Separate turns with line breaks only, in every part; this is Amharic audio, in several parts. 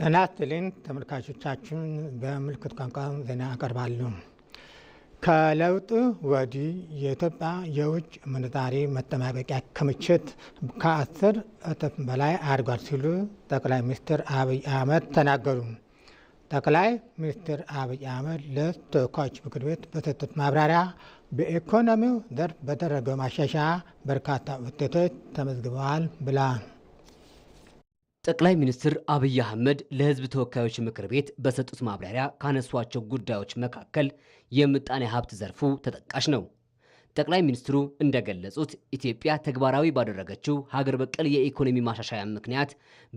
ጤና ይስጥልኝ ተመልካቾቻችን፣ በምልክት ቋንቋ ዜና አቀርባለሁ። ከለውጥ ወዲህ የኢትዮጵያ የውጭ ምንዛሪ መጠባበቂያ ክምችት ከአስር እጥፍ በላይ አድጓል ሲሉ ጠቅላይ ሚኒስትር አብይ አህመድ ተናገሩ። ጠቅላይ ሚኒስትር አብይ አህመድ ለተወካዮች ምክር ቤት በሰጡት ማብራሪያ በኢኮኖሚው ዘርፍ በተደረገው ማሻሻያ በርካታ ውጤቶች ተመዝግበዋል ብላል።
ጠቅላይ ሚኒስትር አብይ አህመድ ለህዝብ ተወካዮች ምክር ቤት በሰጡት ማብራሪያ ካነሷቸው ጉዳዮች መካከል የምጣኔ ሀብት ዘርፉ ተጠቃሽ ነው። ጠቅላይ ሚኒስትሩ እንደገለጹት ኢትዮጵያ ተግባራዊ ባደረገችው ሀገር በቀል የኢኮኖሚ ማሻሻያ ምክንያት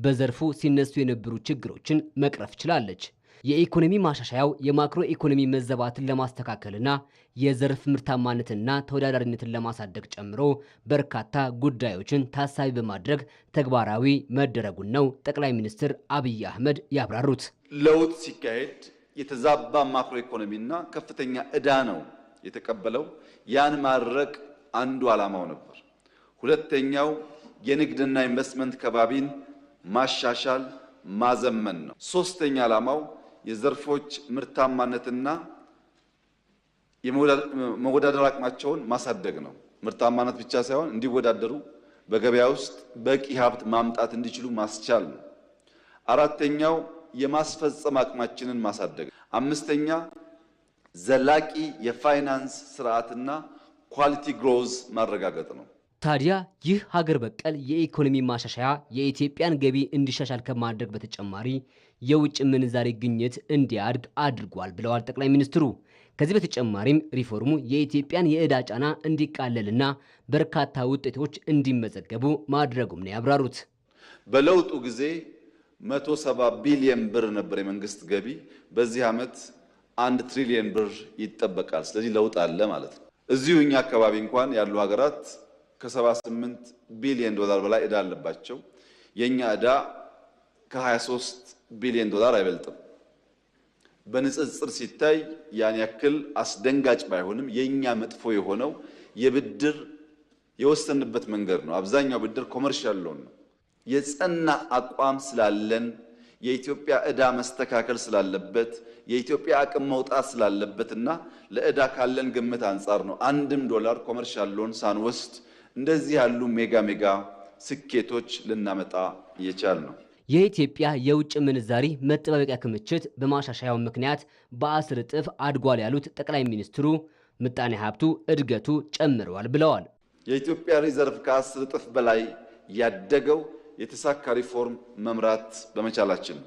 በዘርፉ ሲነሱ የነበሩ ችግሮችን መቅረፍ ችላለች። የኢኮኖሚ ማሻሻያው የማክሮ ኢኮኖሚ መዘባትን ለማስተካከልና የዘርፍ ምርታማነትና ተወዳዳሪነትን ለማሳደግ ጨምሮ በርካታ ጉዳዮችን ታሳቢ በማድረግ ተግባራዊ መደረጉን ነው ጠቅላይ ሚኒስትር አብይ አህመድ ያብራሩት።
ለውጥ ሲካሄድ የተዛባ ማክሮ ኢኮኖሚና ከፍተኛ ዕዳ ነው የተቀበለው። ያን ማድረግ አንዱ ዓላማው ነበር። ሁለተኛው የንግድና ኢንቨስትመንት ከባቢን ማሻሻል ማዘመን ነው። ሶስተኛ ዓላማው የዘርፎች ምርታማነትና የመወዳደር አቅማቸውን ማሳደግ ነው። ምርታማነት ብቻ ሳይሆን እንዲወዳደሩ በገበያ ውስጥ በቂ ሀብት ማምጣት እንዲችሉ ማስቻል ነው። አራተኛው የማስፈጸም አቅማችንን ማሳደግ፣ አምስተኛ ዘላቂ የፋይናንስ ስርዓትና ኳሊቲ ግሮዝ ማረጋገጥ ነው።
ታዲያ ይህ ሀገር በቀል የኢኮኖሚ ማሻሻያ የኢትዮጵያን ገቢ እንዲሻሻል ከማድረግ በተጨማሪ የውጭ ምንዛሬ ግኝት እንዲያድግ አድርጓል ብለዋል ጠቅላይ ሚኒስትሩ። ከዚህ በተጨማሪም ሪፎርሙ የኢትዮጵያን የዕዳ ጫና እንዲቃለልና በርካታ ውጤቶች እንዲመዘገቡ ማድረጉም ነው ያብራሩት።
በለውጡ ጊዜ 170 ቢሊየን ብር ነበር የመንግስት ገቢ። በዚህ ዓመት አንድ ትሪሊየን ብር ይጠበቃል። ስለዚህ ለውጥ አለ ማለት ነው። እዚሁ እኛ አካባቢ እንኳን ያሉ ሀገራት ከ78 ቢሊዮን ዶላር በላይ እዳ አለባቸው። የእኛ እዳ ከ23 ቢሊዮን ዶላር አይበልጥም። በንጽጽር ሲታይ ያን ያክል አስደንጋጭ ባይሆንም የእኛ መጥፎ የሆነው የብድር የወሰንበት መንገድ ነው። አብዛኛው ብድር ኮመርሻል ሎን ነው። የጸና አቋም ስላለን የኢትዮጵያ ዕዳ መስተካከል ስላለበት የኢትዮጵያ አቅም መውጣት ስላለበት እና ለዕዳ ካለን ግምት አንጻር ነው አንድም ዶላር ኮመርሻል ሎን ሳንወስድ እንደዚህ ያሉ ሜጋ ሜጋ ስኬቶች ልናመጣ እየቻል ነው።
የኢትዮጵያ የውጭ ምንዛሪ መጠባበቂያ ክምችት በማሻሻያው ምክንያት በአስር እጥፍ አድጓል ያሉት ጠቅላይ ሚኒስትሩ ምጣኔ ሀብቱ እድገቱ ጨምረዋል ብለዋል።
የኢትዮጵያ ሪዘርቭ ከአስር እጥፍ በላይ ያደገው የተሳካ ሪፎርም መምራት በመቻላችን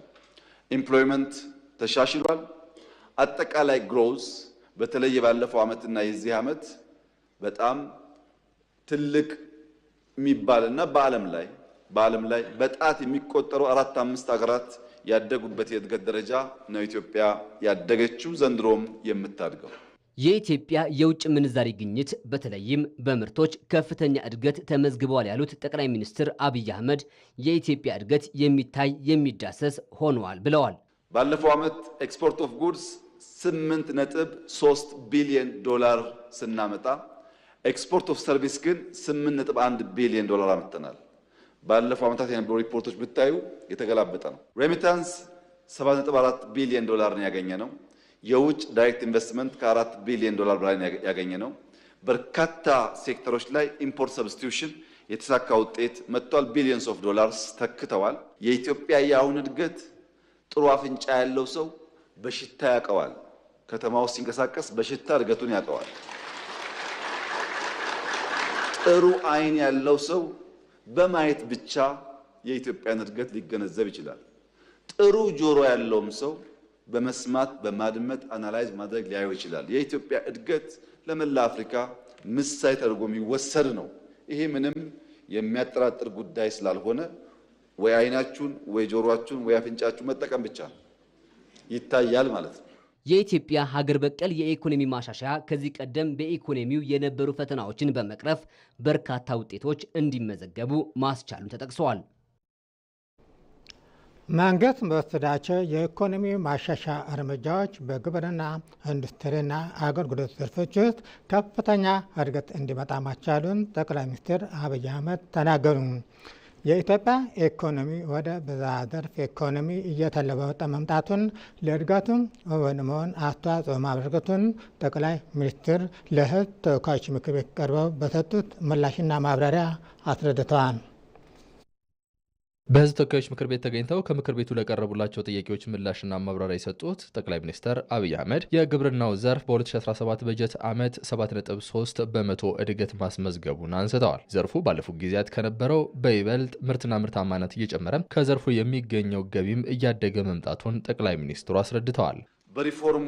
ኢምፕሎይመንት ተሻሽሏል። አጠቃላይ ግሮዝ በተለይ ባለፈው ዓመትና የዚህ ዓመት በጣም ትልቅ የሚባልና በዓለም ላይ በዓለም ላይ በጣት የሚቆጠሩ አራት አምስት ሀገራት ያደጉበት የእድገት ደረጃ ነው ኢትዮጵያ ያደገችው፣ ዘንድሮም የምታድገው።
የኢትዮጵያ የውጭ ምንዛሪ ግኝት በተለይም በምርቶች ከፍተኛ እድገት ተመዝግበዋል ያሉት ጠቅላይ ሚኒስትር አብይ አህመድ የኢትዮጵያ እድገት የሚታይ የሚዳሰስ ሆነዋል ብለዋል።
ባለፈው ዓመት ኤክስፖርት ኦፍ ጉድስ ስምንት ነጥብ ሶስት ቢሊዮን ዶላር ስናመጣ ኤክስፖርት ኦፍ ሰርቪስ ግን 8.1 ቢሊዮን ዶላር አመጣናል። ባለፈው ዓመታት የነበሩ ሪፖርቶች ብታዩ የተገላበጠ ነው። ሬሚታንስ 7.4 ቢሊዮን ዶላር ነው ያገኘ ነው። የውጭ ዳይሬክት ኢንቨስትመንት ከ ከ4 ቢሊዮን ዶላር በላይ ያገኘ ነው። በርካታ ሴክተሮች ላይ ኢምፖርት ሰብስቲዩሽን የተሳካ ውጤት መጥቷል። ቢሊዮንስ ኦፍ ዶላርስ ተክተዋል። የኢትዮጵያ የአሁን እድገት ጥሩ አፍንጫ ያለው ሰው በሽታ ያውቀዋል። ከተማ ውስጥ ሲንቀሳቀስ በሽታ እድገቱን ያውቀዋል። ጥሩ አይን ያለው ሰው በማየት ብቻ የኢትዮጵያን እድገት ሊገነዘብ ይችላል። ጥሩ ጆሮ ያለውም ሰው በመስማት በማድመጥ አናላይዝ ማድረግ ሊያየው ይችላል። የኢትዮጵያ እድገት ለመላ አፍሪካ ምሳሌ ተደርጎ የሚወሰድ ነው። ይሄ ምንም የሚያጠራጥር ጉዳይ ስላልሆነ ወይ አይናችሁን ወይ ጆሮአችሁን ወይ አፍንጫችሁን መጠቀም ብቻ ነው፣ ይታያል ማለት ነው።
የኢትዮጵያ ሀገር በቀል የኢኮኖሚ ማሻሻያ ከዚህ ቀደም በኢኮኖሚው የነበሩ ፈተናዎችን በመቅረፍ በርካታ ውጤቶች እንዲመዘገቡ ማስቻሉን ተጠቅሰዋል።
መንግስት በወሰዳቸው የኢኮኖሚ ማሻሻያ እርምጃዎች በግብርና ኢንዱስትሪና አገልግሎት ዘርፎች ውስጥ ከፍተኛ እድገት እንዲመጣ ማስቻሉን ጠቅላይ ሚኒስትር አብይ አህመድ ተናገሩ። የኢትዮጵያ ኢኮኖሚ ወደ ብዝሃ ዘርፍ ኢኮኖሚ እየተለወጠ መምጣቱን ለእድገቱም እውን መሆን አስተዋጽኦ ማበርከቱን ጠቅላይ ሚኒስትር ለሕዝብ ተወካዮች ምክር ቤት ቀርበው በሰጡት ምላሽና ማብራሪያ አስረድተዋል።
በህዝብ ተወካዮች ምክር ቤት ተገኝተው ከምክር ቤቱ ለቀረቡላቸው ጥያቄዎች ምላሽና ማብራሪያ የሰጡት ጠቅላይ ሚኒስትር አብይ አህመድ የግብርናው ዘርፍ በ2017 በጀት ዓመት 7.3 በመቶ እድገት ማስመዝገቡን አንስተዋል። ዘርፉ ባለፉት ጊዜያት ከነበረው በይበልጥ ምርትና ምርታማነት እየጨመረ ከዘርፉ የሚገኘው ገቢም እያደገ መምጣቱን ጠቅላይ ሚኒስትሩ አስረድተዋል።
በሪፎርሙ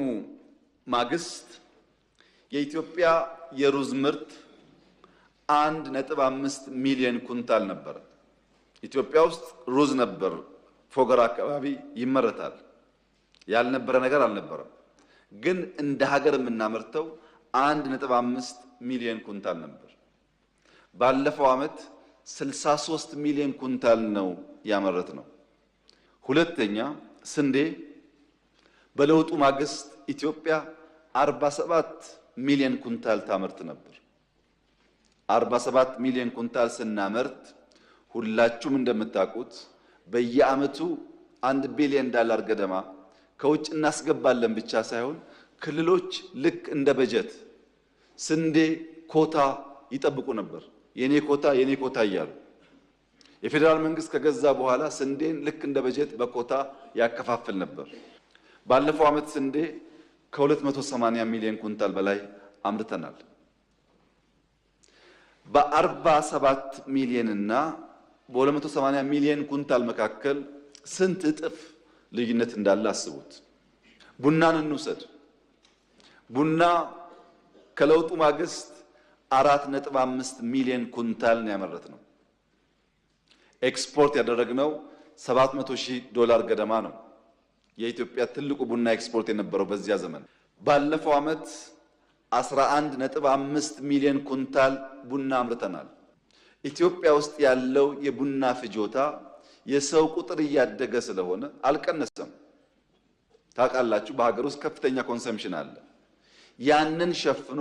ማግስት የኢትዮጵያ የሩዝ ምርት 1.5 ሚሊዮን ኩንታል ነበረ። ኢትዮጵያ ውስጥ ሩዝ ነበር፣ ፎገራ አካባቢ ይመረታል። ያልነበረ ነገር አልነበረም። ግን እንደ ሀገር የምናመርተው አንድ ነጥብ አምስት ሚሊዮን ኩንታል ነበር። ባለፈው ዓመት 63 ሚሊዮን ኩንታል ነው ያመረት ነው። ሁለተኛ ስንዴ በለውጡ ማግስት ኢትዮጵያ 47 ሚሊዮን ኩንታል ታመርት ነበር። 47 ሚሊዮን ኩንታል ስናመርት ሁላችሁም እንደምታውቁት በየአመቱ አንድ ቢሊዮን ዳላር ገደማ ከውጭ እናስገባለን ብቻ ሳይሆን ክልሎች ልክ እንደ በጀት ስንዴ ኮታ ይጠብቁ ነበር። የኔ ኮታ የኔ ኮታ እያሉ የፌዴራል መንግስት ከገዛ በኋላ ስንዴን ልክ እንደ በጀት በኮታ ያከፋፍል ነበር። ባለፈው ዓመት ስንዴ ከ280 ሚሊዮን ኩንታል በላይ አምርተናል። በ47 ሚሊዮንና በ280 ሚሊዮን ኩንታል መካከል ስንት እጥፍ ልዩነት እንዳለ አስቡት። ቡናን እንውሰድ። ቡና ከለውጡ ማግስት 4.5 ሚሊዮን ኩንታል ነው ያመረት ነው። ኤክስፖርት ያደረግነው 700 ሺህ ዶላር ገደማ ነው። የኢትዮጵያ ትልቁ ቡና ኤክስፖርት የነበረው በዚያ ዘመን። ባለፈው ዓመት 11.5 ሚሊዮን ኩንታል ቡና አምርተናል። ኢትዮጵያ ውስጥ ያለው የቡና ፍጆታ የሰው ቁጥር እያደገ ስለሆነ አልቀነሰም። ታውቃላችሁ፣ በሀገር ውስጥ ከፍተኛ ኮንሰምሽን አለ። ያንን ሸፍኖ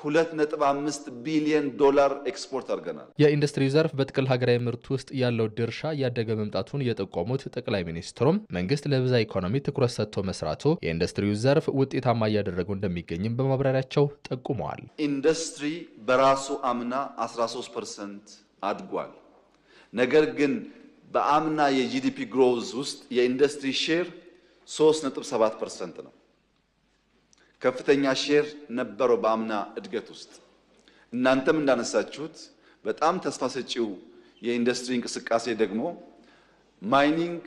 ሁለት ነጥብ አምስት ቢሊዮን ዶላር ኤክስፖርት አድርገናል።
የኢንዱስትሪ ዘርፍ በጥቅል ሀገራዊ ምርት ውስጥ ያለው ድርሻ እያደገ መምጣቱን የጠቆሙት ጠቅላይ ሚኒስትሩም መንግስት ለብዛ ኢኮኖሚ ትኩረት ሰጥቶ መስራቱ የኢንዱስትሪው ዘርፍ ውጤታማ እያደረገው እንደሚገኝም በማብራሪያቸው ጠቁመዋል።
ኢንዱስትሪ በራሱ አምና 13 ፐርሰንት አድጓል። ነገር ግን በአምና የጂዲፒ ግሮዝ ውስጥ የኢንዱስትሪ ሼር 3.7 ፐርሰንት ነው። ከፍተኛ ሼር ነበረው በአምና እድገት ውስጥ። እናንተም እንዳነሳችሁት በጣም ተስፋ ሰጪው የኢንዱስትሪ እንቅስቃሴ ደግሞ ማይኒንግ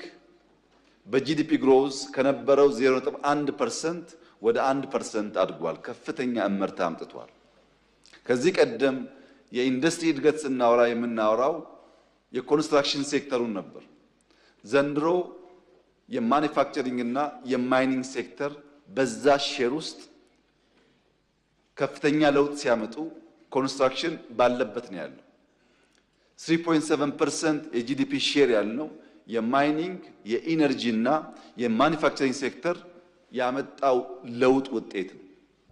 በጂዲፒ ግሮዝ ከነበረው 0.1 ፐርሰንት ወደ 1 ፐርሰንት አድጓል። ከፍተኛ እመርታ አምጥቷል። ከዚህ ቀደም የኢንዱስትሪ እድገት ስናወራ የምናወራው የኮንስትራክሽን ሴክተሩን ነበር። ዘንድሮ የማኒፋክቸሪንግ እና የማይኒንግ ሴክተር በዛ ሼር ውስጥ ከፍተኛ ለውጥ ሲያመጡ ኮንስትራክሽን ባለበት ነው ያለው። 3.7% የጂዲፒ ሼር ያለው የማይኒንግ የኢነርጂ እና የማኒፋክቸሪንግ ሴክተር ያመጣው ለውጥ ውጤት ነው።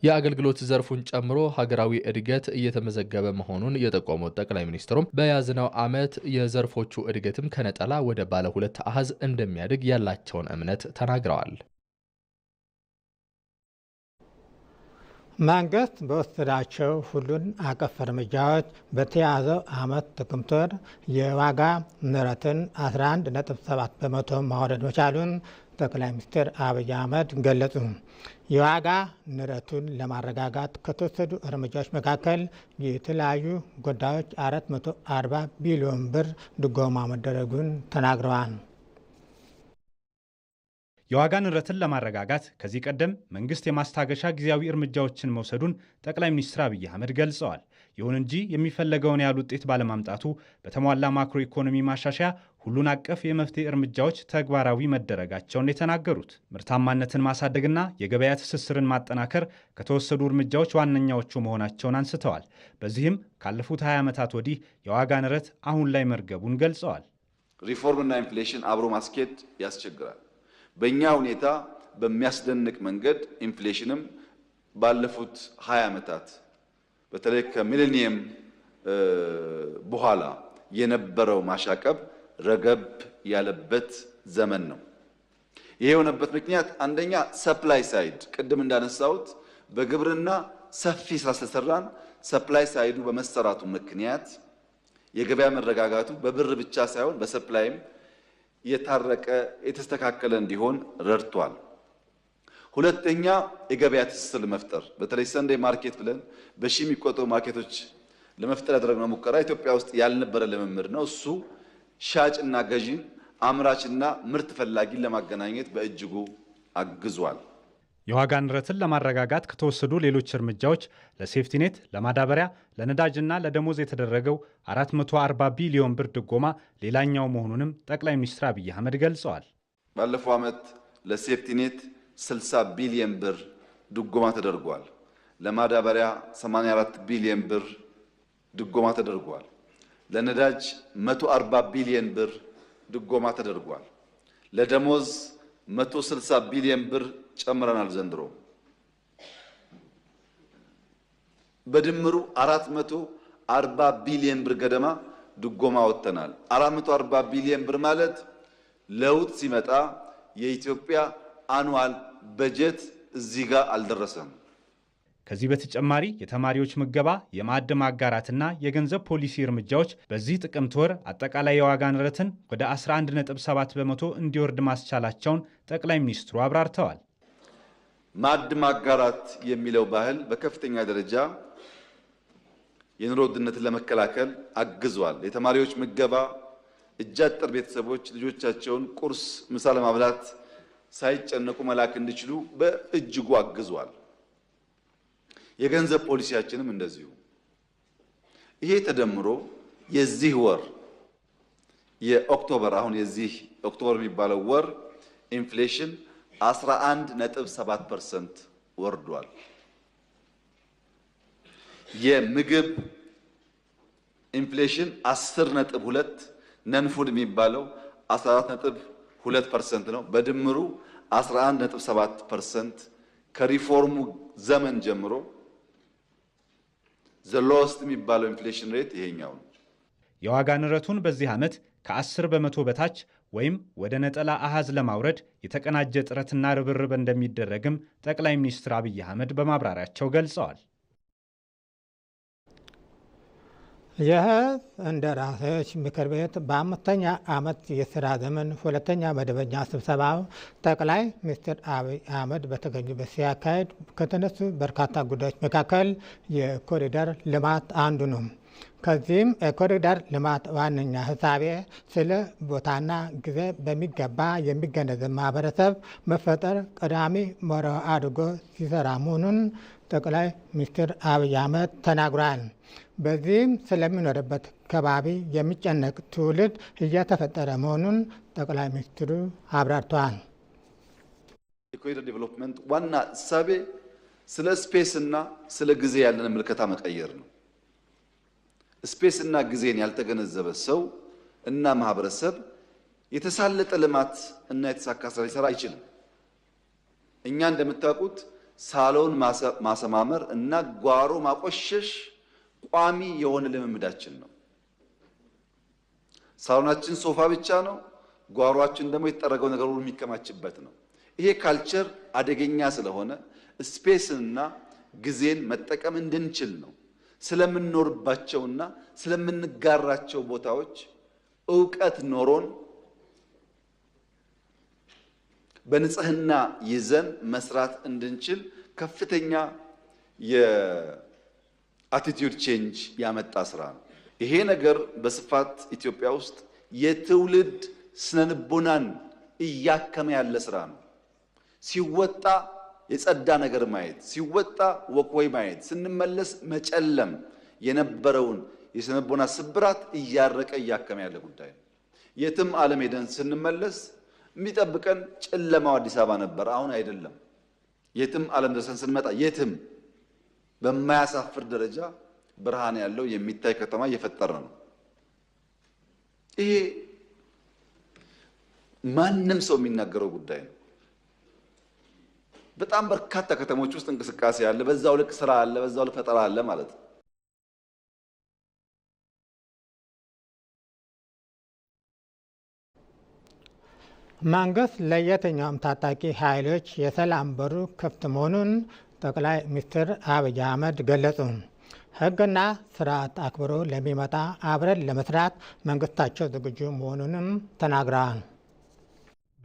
የአገልግሎት ዘርፉን ጨምሮ ሀገራዊ እድገት እየተመዘገበ መሆኑን የጠቆሙት ጠቅላይ ሚኒስትሩም በያዝነው ዓመት የዘርፎቹ እድገትም ከነጠላ ወደ ባለ ሁለት አሃዝ እንደሚያድግ ያላቸውን እምነት ተናግረዋል።
መንግስት በወሰዳቸው ሁሉን አቀፍ እርምጃዎች በተያዘው ዓመት ጥቅምት ወር የዋጋ ንረትን 11.7 በመቶ ማውረድ መቻሉን ጠቅላይ ሚኒስትር አብይ አህመድ ገለጹ። የዋጋ ንረቱን ለማረጋጋት ከተወሰዱ እርምጃዎች መካከል የተለያዩ ጉዳዮች 440 ቢሊዮን ብር ድጎማ መደረጉን ተናግረዋል።
የዋጋ ንረትን ለማረጋጋት ከዚህ ቀደም መንግስት የማስታገሻ ጊዜያዊ እርምጃዎችን መውሰዱን ጠቅላይ ሚኒስትር አብይ አህመድ ገልጸዋል። ይሁን እንጂ የሚፈለገውን ያህል ውጤት ባለማምጣቱ በተሟላ ማክሮ ኢኮኖሚ ማሻሻያ ሁሉን አቀፍ የመፍትሄ እርምጃዎች ተግባራዊ መደረጋቸውን የተናገሩት ምርታማነትን ማሳደግና የገበያ ትስስርን ማጠናከር ከተወሰዱ እርምጃዎች ዋነኛዎቹ መሆናቸውን አንስተዋል። በዚህም ካለፉት 20 ዓመታት ወዲህ የዋጋ ንረት አሁን ላይ መርገቡን ገልጸዋል።
ሪፎርምና ኢንፍሌሽን አብሮ ማስኬድ ያስቸግራል። በእኛ ሁኔታ በሚያስደንቅ መንገድ ኢንፍሌሽንም ባለፉት 20 ዓመታት በተለይ ከሚሊኒየም በኋላ የነበረው ማሻቀብ ረገብ ያለበት ዘመን ነው። ይሄ የሆነበት ምክንያት አንደኛ ሰፕላይ ሳይድ ቅድም እንዳነሳሁት በግብርና ሰፊ ስራ ስለሰራን ሰፕላይ ሳይዱ በመሰራቱ ምክንያት የገበያ መረጋጋቱ በብር ብቻ ሳይሆን በሰፕላይም የታረቀ የተስተካከለ እንዲሆን ረድቷል። ሁለተኛ የገበያ ትስስር መፍጠር፣ በተለይ ሰንዴ ማርኬት ብለን በሺ የሚቆጠሩ ማርኬቶች ለመፍጠር ያደረግነው ሙከራ ኢትዮጵያ ውስጥ ያልነበረ ልምምድ ነው። እሱ ሻጭና ገዢን፣ አምራችና ምርት ፈላጊን ለማገናኘት በእጅጉ አግዟል።
የዋጋ ንረትን ለማረጋጋት ከተወሰዱ ሌሎች እርምጃዎች ለሴፍቲኔት፣ ለማዳበሪያ፣ ለነዳጅና ለደሞዝ የተደረገው 440 ቢሊዮን ብር ድጎማ ሌላኛው መሆኑንም ጠቅላይ ሚኒስትር አብይ አህመድ ገልጸዋል።
ባለፈው ዓመት ለሴፍቲኔት 60 ቢሊዮን ብር ድጎማ ተደርጓል። ለማዳበሪያ 84 ቢሊዮን ብር ድጎማ ተደርጓል። ለነዳጅ 140 ቢሊዮን ብር ድጎማ ተደርጓል። ለደሞዝ 160 ቢሊዮን ብር ጨምረናል ዘንድሮ። በድምሩ 440 ቢሊዮን ብር ገደማ ድጎማ ወጥተናል። 440 ቢሊዮን ብር ማለት ለውጥ ሲመጣ የኢትዮጵያ አኑዋል በጀት እዚህ ጋር አልደረሰም።
ከዚህ በተጨማሪ የተማሪዎች ምገባ፣ የማዕድ ማጋራትና የገንዘብ ፖሊሲ እርምጃዎች በዚህ ጥቅምት ወር አጠቃላይ የዋጋ ንረትን ወደ 11.7 በመቶ እንዲወርድ ማስቻላቸውን ጠቅላይ ሚኒስትሩ አብራርተዋል።
ማዕድ ማጋራት የሚለው ባህል በከፍተኛ ደረጃ የኑሮ ውድነትን ለመከላከል አግዟል። የተማሪዎች ምገባ እጅ አጠር ቤተሰቦች ልጆቻቸውን ቁርስ፣ ምሳ ለማብላት ሳይጨነቁ መላክ እንዲችሉ በእጅጉ አግዟል። የገንዘብ ፖሊሲያችንም እንደዚሁ። ይሄ ተደምሮ የዚህ ወር የኦክቶበር አሁን የዚህ ኦክቶበር የሚባለው ወር ኢንፍሌሽን 11.7% ወርዷል። የምግብ ኢንፍሌሽን 10.2 ነንፉድ የሚባለው 14.2% ነው። በድምሩ 11.7% ከሪፎርሙ ዘመን ጀምሮ የሚባለው ኢንፍሌሽን ሬት ይሄኛው ነው።
የዋጋ ንረቱን በዚህ ዓመት ከ10 በመቶ በታች ወይም ወደ ነጠላ አሃዝ ለማውረድ የተቀናጀ ጥረትና ርብርብ እንደሚደረግም ጠቅላይ ሚኒስትር አብይ አህመድ በማብራሪያቸው ገልጸዋል።
ይህ እንደራሴዎች ምክር ቤት በአምስተኛ ዓመት የስራ ዘመን ሁለተኛ መደበኛ ስብሰባ ጠቅላይ ሚኒስትር አብይ አህመድ በተገኙበት ሲያካሄድ ከተነሱ በርካታ ጉዳዮች መካከል የኮሪደር ልማት አንዱ ነው። ከዚህም የኮሪደር ልማት ዋነኛ ህሳቤ ስለ ቦታና ጊዜ በሚገባ የሚገነዘብ ማህበረሰብ መፈጠር ቀዳሚ መርህ አድርጎ ሲሰራ መሆኑን ጠቅላይ ሚኒስትር አብይ አህመድ ተናግሯል። በዚህም ስለሚኖርበት ከባቢ የሚጨነቅ ትውልድ እየተፈጠረ መሆኑን ጠቅላይ ሚኒስትሩ አብራርተዋል።
የኮሪደር ዴቨሎፕመንት ዋና እሳቤ ስለ ስፔስ እና ስለ ጊዜ ያለን ምልከታ መቀየር ነው። ስፔስ እና ጊዜን ያልተገነዘበ ሰው እና ማህበረሰብ የተሳለጠ ልማት እና የተሳካ ስራ ሊሰራ አይችልም። እኛ እንደምታውቁት ሳሎን ማሰማመር እና ጓሮ ማቆሸሽ ቋሚ የሆነ ልምምዳችን ነው። ሳሎናችን ሶፋ ብቻ ነው፣ ጓሮአችን ደግሞ የተጠረገው ነገር ሁሉ የሚከማችበት ነው። ይሄ ካልቸር አደገኛ ስለሆነ ስፔስንና ጊዜን መጠቀም እንድንችል ነው። ስለምንኖርባቸውና ስለምንጋራቸው ቦታዎች እውቀት ኖሮን በንጽህና ይዘን መስራት እንድንችል ከፍተኛ የአቲቲዩድ ቼንጅ ያመጣ ስራ ነው። ይሄ ነገር በስፋት ኢትዮጵያ ውስጥ የትውልድ ስነልቦናን እያከመ ያለ ስራ ነው። ሲወጣ የጸዳ ነገር ማየት፣ ሲወጣ ወክወይ ማየት፣ ስንመለስ መጨለም የነበረውን የስነልቦና ስብራት እያረቀ እያከመ ያለ ጉዳይ ነው። የትም ዓለም ሄደን ስንመለስ የሚጠብቀን ጨለማው አዲስ አበባ ነበር። አሁን አይደለም። የትም ዓለም ደርሰን ስንመጣ የትም በማያሳፍር ደረጃ ብርሃን ያለው የሚታይ ከተማ እየፈጠረ ነው። ይሄ ማንም ሰው የሚናገረው ጉዳይ ነው። በጣም በርካታ ከተሞች ውስጥ እንቅስቃሴ አለ፣ በዛው ልክ ስራ አለ፣ በዛው ልክ ፈጠራ አለ ማለት ነው።
መንግስት ለየትኛውም ታጣቂ ኃይሎች የሰላም በሩ ክፍት መሆኑን ጠቅላይ ሚኒስትር አብይ አህመድ ገለጹ። ህግና ስርዓት አክብሮ ለሚመጣ አብረን ለመስራት መንግስታቸው ዝግጁ መሆኑንም ተናግረዋል።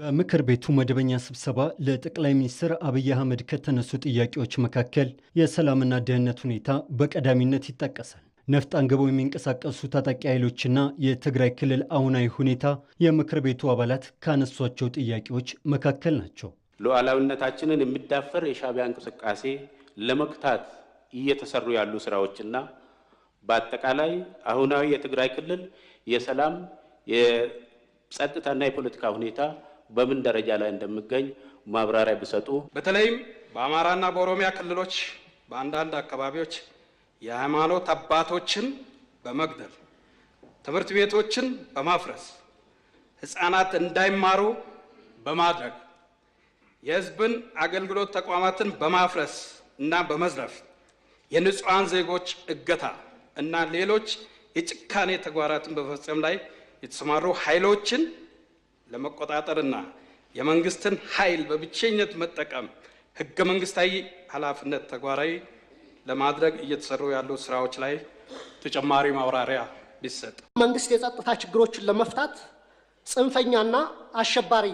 በምክር ቤቱ መደበኛ ስብሰባ ለጠቅላይ ሚኒስትር አብይ አህመድ ከተነሱ ጥያቄዎች መካከል የሰላምና ደህንነት ሁኔታ በቀዳሚነት ይጠቀሳል። ነፍጥ አንግበው የሚንቀሳቀሱ ታጣቂ ኃይሎችና የትግራይ ክልል አሁናዊ ሁኔታ የምክር ቤቱ አባላት ካነሷቸው ጥያቄዎች መካከል ናቸው።
ሉዓላዊነታችንን የሚዳፈር የሻቢያ እንቅስቃሴ ለመክታት እየተሰሩ ያሉ ስራዎችና በአጠቃላይ አሁናዊ የትግራይ ክልል የሰላም የጸጥታና የፖለቲካ ሁኔታ በምን ደረጃ ላይ እንደሚገኝ ማብራሪያ ቢሰጡ፣ በተለይም በአማራና በኦሮሚያ ክልሎች በአንዳንድ አካባቢዎች የሃይማኖት አባቶችን በመግደል ትምህርት ቤቶችን በማፍረስ ህፃናት እንዳይማሩ በማድረግ የህዝብን አገልግሎት ተቋማትን በማፍረስ እና በመዝረፍ የንጹሐን ዜጎች እገታ እና ሌሎች የጭካኔ ተግባራትን በመፈጸም ላይ የተሰማሩ ኃይሎችን ለመቆጣጠርና የመንግስትን ኃይል በብቸኝነት መጠቀም ህገ መንግስታዊ ኃላፊነት ተግባራዊ ለማድረግ እየተሰሩ ያሉ ስራዎች ላይ ተጨማሪ ማብራሪያ ቢሰጥ።
መንግስት የጸጥታ ችግሮችን ለመፍታት ጽንፈኛና አሸባሪ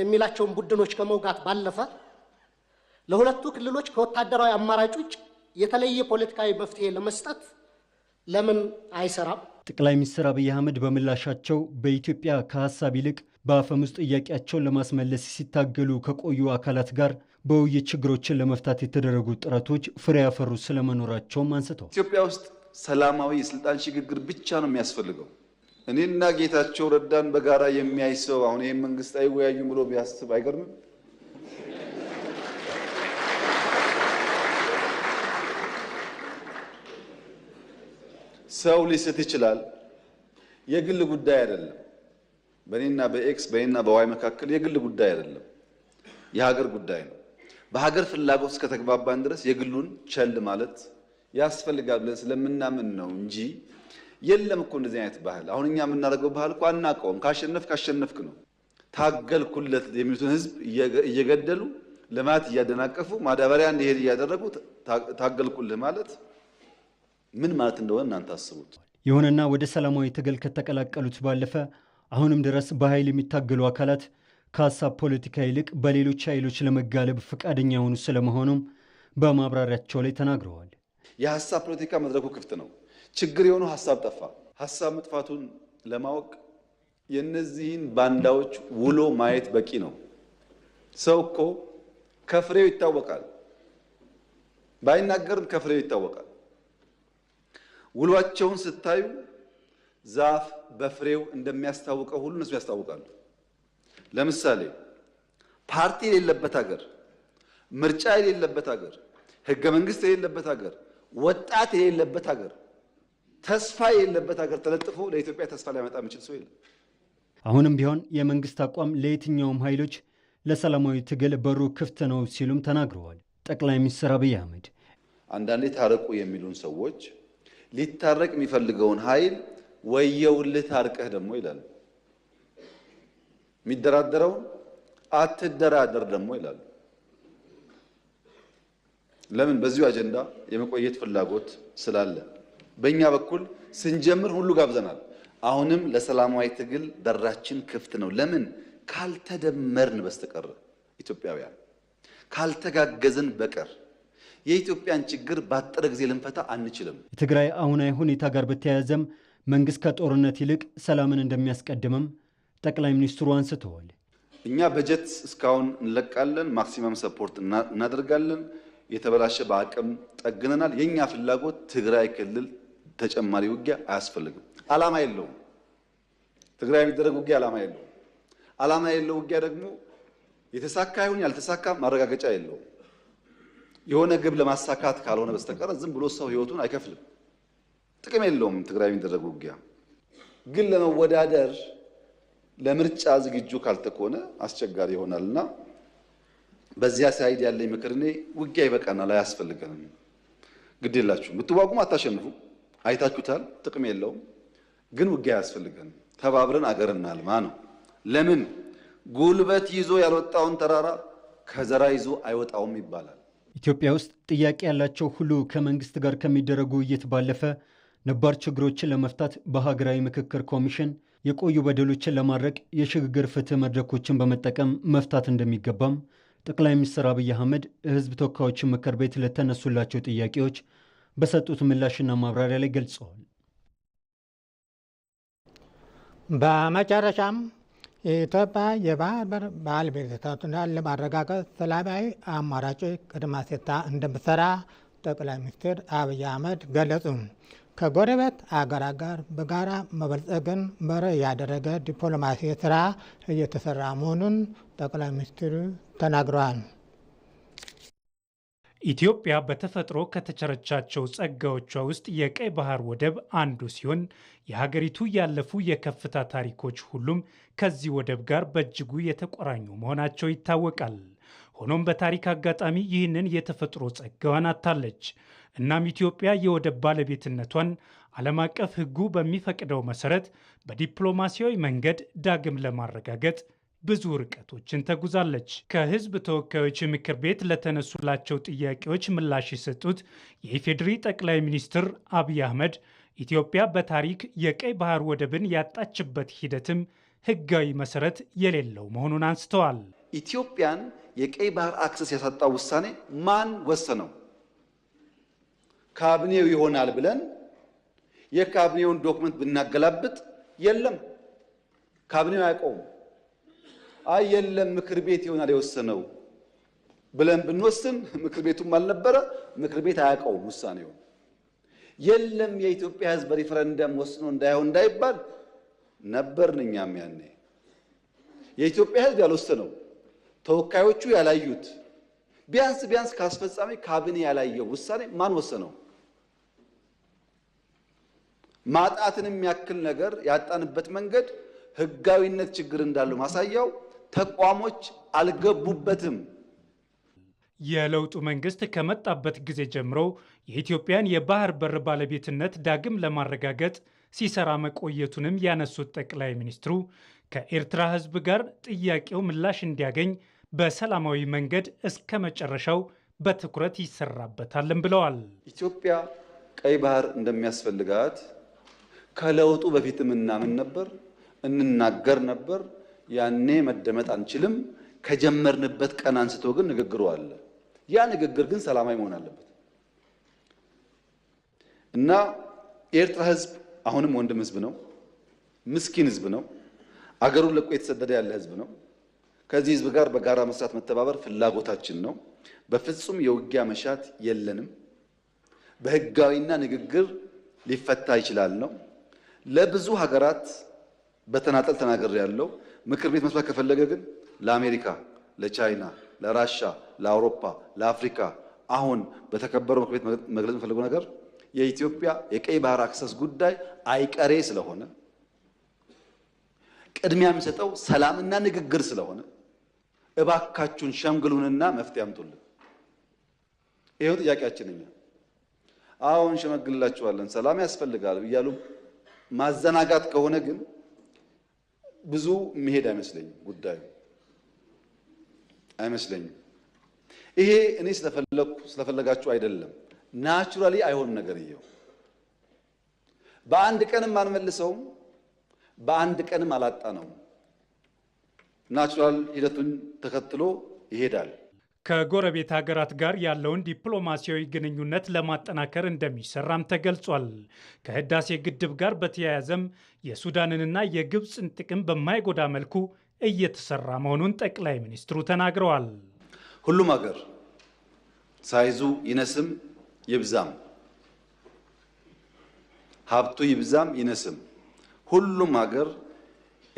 የሚላቸውን ቡድኖች ከመውጋት ባለፈ ለሁለቱ ክልሎች ከወታደራዊ አማራጭ ውጭ የተለየ ፖለቲካዊ መፍትሄ ለመስጠት ለምን አይሰራም?
ጠቅላይ ሚኒስትር አብይ አህመድ በምላሻቸው በኢትዮጵያ ከሀሳብ ይልቅ በአፈሙዝ ጥያቄያቸውን ለማስመለስ ሲታገሉ ከቆዩ አካላት ጋር በውይይት ችግሮችን ለመፍታት የተደረጉ ጥረቶች ፍሬ ያፈሩ ስለመኖራቸውም አንስተው
ኢትዮጵያ ውስጥ ሰላማዊ የስልጣን ሽግግር ብቻ ነው የሚያስፈልገው። እኔና ጌታቸው ረዳን በጋራ የሚያይ ሰው አሁን ይህም መንግስት አይወያዩም ብሎ ቢያስብ አይገርምም። ሰው ሊስት ይችላል። የግል ጉዳይ አይደለም። በእኔና በኤክስ በእኔና በዋይ መካከል የግል ጉዳይ አይደለም፣ የሀገር ጉዳይ ነው። በሀገር ፍላጎት እስከተግባባን ድረስ የግሉን ቸል ማለት ያስፈልጋል ብለን ስለምናምን ነው እንጂ የለም እኮ እንደዚህ አይነት ባህል አሁን እኛ የምናደርገው ባህል እኮ አናውቀውም። ካሸነፍክ አሸነፍክ ነው። ታገልኩለት የሚሉትን ህዝብ እየገደሉ ልማት እያደናቀፉ ማዳበሪያ እንዲሄድ እያደረጉ ታገልኩልህ ማለት ምን ማለት እንደሆነ እናንተ አስቡት።
ይሁንና ወደ ሰላማዊ ትግል ከተቀላቀሉት ባለፈ አሁንም ድረስ በኃይል የሚታገሉ አካላት ከሀሳብ ፖለቲካ ይልቅ በሌሎች ኃይሎች ለመጋለብ ፈቃደኛ የሆኑ ስለመሆኑም በማብራሪያቸው ላይ ተናግረዋል።
የሀሳብ ፖለቲካ መድረኩ ክፍት ነው። ችግር የሆኑ ሀሳብ ጠፋ። ሀሳብ መጥፋቱን ለማወቅ የእነዚህን ባንዳዎች ውሎ ማየት በቂ ነው። ሰው እኮ ከፍሬው ይታወቃል፣ ባይናገርም ከፍሬው ይታወቃል። ውሏቸውን ስታዩ ዛፍ በፍሬው እንደሚያስታውቀው ሁሉ እነሱ ያስታውቃሉ። ለምሳሌ ፓርቲ የሌለበት ሀገር፣ ምርጫ የሌለበት ሀገር፣ ህገ መንግስት የሌለበት ሀገር፣ ወጣት የሌለበት ሀገር፣ ተስፋ የሌለበት ሀገር ተለጥፎ ለኢትዮጵያ ተስፋ ሊያመጣ የሚችል ሰው የለም።
አሁንም ቢሆን የመንግስት አቋም ለየትኛውም ኃይሎች ለሰላማዊ ትግል በሩ ክፍት ነው ሲሉም ተናግረዋል። ጠቅላይ ሚኒስትር አብይ አህመድ
አንዳንዴ ታረቁ የሚሉን ሰዎች ሊታረቅ የሚፈልገውን ኃይል ወየውልህ ታርቀህ ደግሞ ይላል። የሚደራደረውን አትደራደር ደግሞ ይላሉ። ለምን? በዚሁ አጀንዳ የመቆየት ፍላጎት ስላለ በእኛ በኩል ስንጀምር ሁሉ ጋብዘናል። አሁንም ለሰላማዊ ትግል በራችን ክፍት ነው። ለምን? ካልተደመርን በስተቀር ኢትዮጵያውያን ካልተጋገዝን በቀር የኢትዮጵያን ችግር ባጠረ ጊዜ ልንፈታ አንችልም።
የትግራይ አሁናዊ ሁኔታ ጋር በተያያዘም መንግስት ከጦርነት ይልቅ ሰላምን እንደሚያስቀድምም ጠቅላይ ሚኒስትሩ አንስተዋል።
እኛ በጀት እስካሁን እንለቃለን፣ ማክሲመም ሰፖርት እናደርጋለን። የተበላሸ በአቅም ጠግነናል። የእኛ ፍላጎት ትግራይ ክልል ተጨማሪ ውጊያ አያስፈልግም። ዓላማ የለውም። ትግራይ የሚደረግ ውጊያ ዓላማ የለው። ዓላማ የለው ውጊያ ደግሞ የተሳካ ይሁን ያልተሳካ ማረጋገጫ የለውም። የሆነ ግብ ለማሳካት ካልሆነ በስተቀረ ዝም ብሎ ሰው ህይወቱን አይከፍልም። ጥቅም የለውም። ትግራይ የሚደረግ ውጊያ ግን ለመወዳደር ለምርጫ ዝግጁ ካልተኮነ አስቸጋሪ ይሆናልና በዚያ ሳይድ ያለኝ ምክር እኔ ውጊያ ይበቃናል፣ አያስፈልገንም። ግድ የላችሁ ብትዋጉም አይታችሁታል፣ ጥቅም የለውም። ግን ውጊያ አያስፈልገንም፣ ተባብረን አገር እናልማ ነው። ለምን ጉልበት ይዞ ያልወጣውን ተራራ ከዘራ ይዞ አይወጣውም ይባላል።
ኢትዮጵያ ውስጥ ጥያቄ ያላቸው ሁሉ ከመንግስት ጋር ከሚደረጉ ውይይት ባለፈ ነባር ችግሮችን ለመፍታት በሀገራዊ ምክክር ኮሚሽን የቆዩ በደሎችን ለማድረግ የሽግግር ፍትህ መድረኮችን በመጠቀም መፍታት እንደሚገባም ጠቅላይ ሚኒስትር አብይ አህመድ የህዝብ ተወካዮች ምክር ቤት ለተነሱላቸው ጥያቄዎች በሰጡት ምላሽና ማብራሪያ ላይ ገልጸዋል።
በመጨረሻም የኢትዮጵያ የባህር በር ባለቤትነቷን ለማረጋገጥ ሰላማዊ አማራጮች ቅድመ ሴታ እንደምትሰራ ጠቅላይ ሚኒስትር አብይ አህመድ ገለጹ። ከጎረቤት አገራት ጋር በጋራ መበልጸግን መረ ያደረገ ዲፕሎማሲ ስራ እየተሰራ መሆኑን ጠቅላይ ሚኒስትሩ ተናግረዋል።
ኢትዮጵያ በተፈጥሮ ከተቸረቻቸው ጸጋዎቿ ውስጥ የቀይ ባህር ወደብ አንዱ ሲሆን የሀገሪቱ ያለፉ የከፍታ ታሪኮች ሁሉም ከዚህ ወደብ ጋር በእጅጉ የተቆራኙ መሆናቸው ይታወቃል። ሆኖም በታሪክ አጋጣሚ ይህንን የተፈጥሮ ጸጋዋን አታለች። እናም ኢትዮጵያ የወደብ ባለቤትነቷን ዓለም አቀፍ ሕጉ በሚፈቅደው መሰረት በዲፕሎማሲያዊ መንገድ ዳግም ለማረጋገጥ ብዙ ርቀቶችን ተጉዛለች። ከህዝብ ተወካዮች ምክር ቤት ለተነሱላቸው ጥያቄዎች ምላሽ የሰጡት የኢፌዴሪ ጠቅላይ ሚኒስትር አብይ አህመድ ኢትዮጵያ በታሪክ የቀይ ባህር ወደብን ያጣችበት ሂደትም ህጋዊ መሰረት የሌለው መሆኑን አንስተዋል።
ኢትዮጵያን የቀይ ባህር አክሰስ ያሳጣው ውሳኔ ማን ወሰነው? ካቢኔው ይሆናል ብለን የካቢኔውን ዶክመንት ብናገላብጥ የለም፣ ካቢኔው አያውቀውም። አይ የለም ምክር ቤት ይሆናል የወሰነው ብለን ብንወስን ምክር ቤቱም አልነበረ፣ ምክር ቤት አያውቀውም ውሳኔው የለም የኢትዮጵያ ሕዝብ በሪፈረንደም ወስኖ እንዳይሆን እንዳይባል ነበርን እኛም ያኔ የኢትዮጵያ ሕዝብ ያልወሰነው ተወካዮቹ ያላዩት ቢያንስ ቢያንስ ካስፈጻሚ ካቢኔ ያላየው ውሳኔ ማን ወሰነው? ማጣትንም ያክል ነገር ያጣንበት መንገድ ህጋዊነት ችግር እንዳለው ማሳያው ተቋሞች አልገቡበትም።
የለውጡ መንግስት ከመጣበት ጊዜ ጀምሮ የኢትዮጵያን የባህር በር ባለቤትነት ዳግም ለማረጋገጥ ሲሰራ መቆየቱንም ያነሱት ጠቅላይ ሚኒስትሩ ከኤርትራ ህዝብ ጋር ጥያቄው ምላሽ እንዲያገኝ በሰላማዊ መንገድ እስከ መጨረሻው በትኩረት ይሰራበታልም ብለዋል።
ኢትዮጵያ ቀይ ባህር እንደሚያስፈልጋት ከለውጡ በፊትም እናምን ነበር፣ እንናገር ነበር። ያኔ መደመጥ አንችልም። ከጀመርንበት ቀን አንስቶ ግን ንግግሩ አለ። ያ ንግግር ግን ሰላማዊ መሆን አለበት እና የኤርትራ ሕዝብ አሁንም ወንድም ሕዝብ ነው። ምስኪን ሕዝብ ነው። አገሩን ለቆ የተሰደደ ያለ ሕዝብ ነው። ከዚህ ህዝብ ጋር በጋራ መስራት መተባበር ፍላጎታችን ነው። በፍጹም የውጊያ መሻት የለንም። በህጋዊና ንግግር ሊፈታ ይችላል ነው። ለብዙ ሀገራት በተናጠል ተናገር ያለው ምክር ቤት መስራት ከፈለገ ግን ለአሜሪካ፣ ለቻይና፣ ለራሻ፣ ለአውሮፓ፣ ለአፍሪካ አሁን በተከበረው ምክር ቤት መግለጽ የምፈልገው ነገር የኢትዮጵያ የቀይ ባህር አክሰስ ጉዳይ አይቀሬ ስለሆነ ቅድሚያ የሚሰጠው ሰላምና ንግግር ስለሆነ እባካችሁን ሸምግሉንና መፍትሄ አምጡልን። ይኸው ጥያቄያችን እኛ አሁን ሸመግልላችኋለን፣ ሰላም ያስፈልጋል እያሉ ማዘናጋት ከሆነ ግን ብዙ መሄድ አይመስለኝም፣ ጉዳዩ አይመስለኝም። ይሄ እኔ ስለፈለግኩ ስለፈለጋችሁ አይደለም፣ ናቹራሊ አይሆንም ነገርየው። በአንድ ቀንም አንመልሰውም፣ በአንድ ቀንም አላጣ ነውም። ናቹራል ሂደቱን ተከትሎ ይሄዳል።
ከጎረቤት ሀገራት ጋር ያለውን ዲፕሎማሲያዊ ግንኙነት ለማጠናከር እንደሚሰራም ተገልጿል። ከህዳሴ ግድብ ጋር በተያያዘም የሱዳንንና የግብፅን ጥቅም በማይጎዳ መልኩ እየተሰራ መሆኑን ጠቅላይ ሚኒስትሩ ተናግረዋል።
ሁሉም ሀገር ሳይዙ ይነስም ይብዛም፣ ሀብቱ ይብዛም ይነስም፣ ሁሉም ሀገር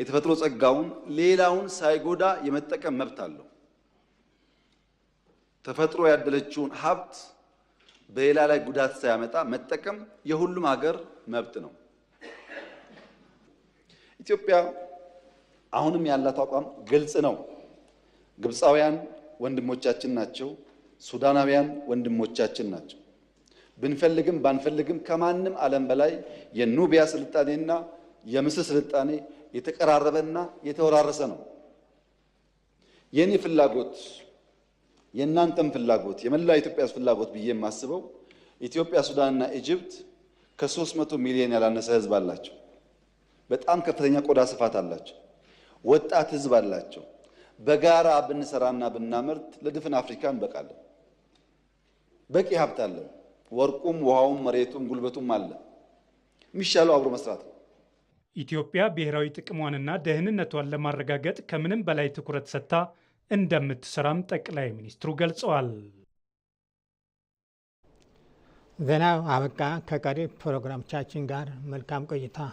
የተፈጥሮ ጸጋውን ሌላውን ሳይጎዳ የመጠቀም መብት አለው። ተፈጥሮ ያደለችውን ሀብት በሌላ ላይ ጉዳት ሳያመጣ መጠቀም የሁሉም ሀገር መብት ነው። ኢትዮጵያ አሁንም ያላት አቋም ግልጽ ነው። ግብፃውያን ወንድሞቻችን ናቸው። ሱዳናውያን ወንድሞቻችን ናቸው። ብንፈልግም ባንፈልግም ከማንም ዓለም በላይ የኑቢያ ስልጣኔና የምስር ስልጣኔ የተቀራረበና የተወራረሰ ነው። የእኔ ፍላጎት የእናንተም ፍላጎት የመላ ኢትዮጵያ ፍላጎት ብዬ የማስበው ኢትዮጵያ፣ ሱዳንና ኢጅፕት ከ300 ሚሊዮን ያላነሰ ህዝብ አላቸው። በጣም ከፍተኛ ቆዳ ስፋት አላቸው። ወጣት ህዝብ አላቸው። በጋራ ብንሰራና ብናመርት ለድፍን አፍሪካ እንበቃለን። በቂ ሀብት አለን። ወርቁም፣ ውሃውም፣ መሬቱም ጉልበቱም አለ። የሚሻለው አብሮ መስራት ነው።
ኢትዮጵያ ብሔራዊ ጥቅሟንና ደህንነቷን ለማረጋገጥ ከምንም በላይ ትኩረት ሰጥታ እንደምትሰራም ጠቅላይ ሚኒስትሩ ገልጸዋል።
ዜናው አበቃ። ከቀሪ ፕሮግራሞቻችን ጋር መልካም ቆይታ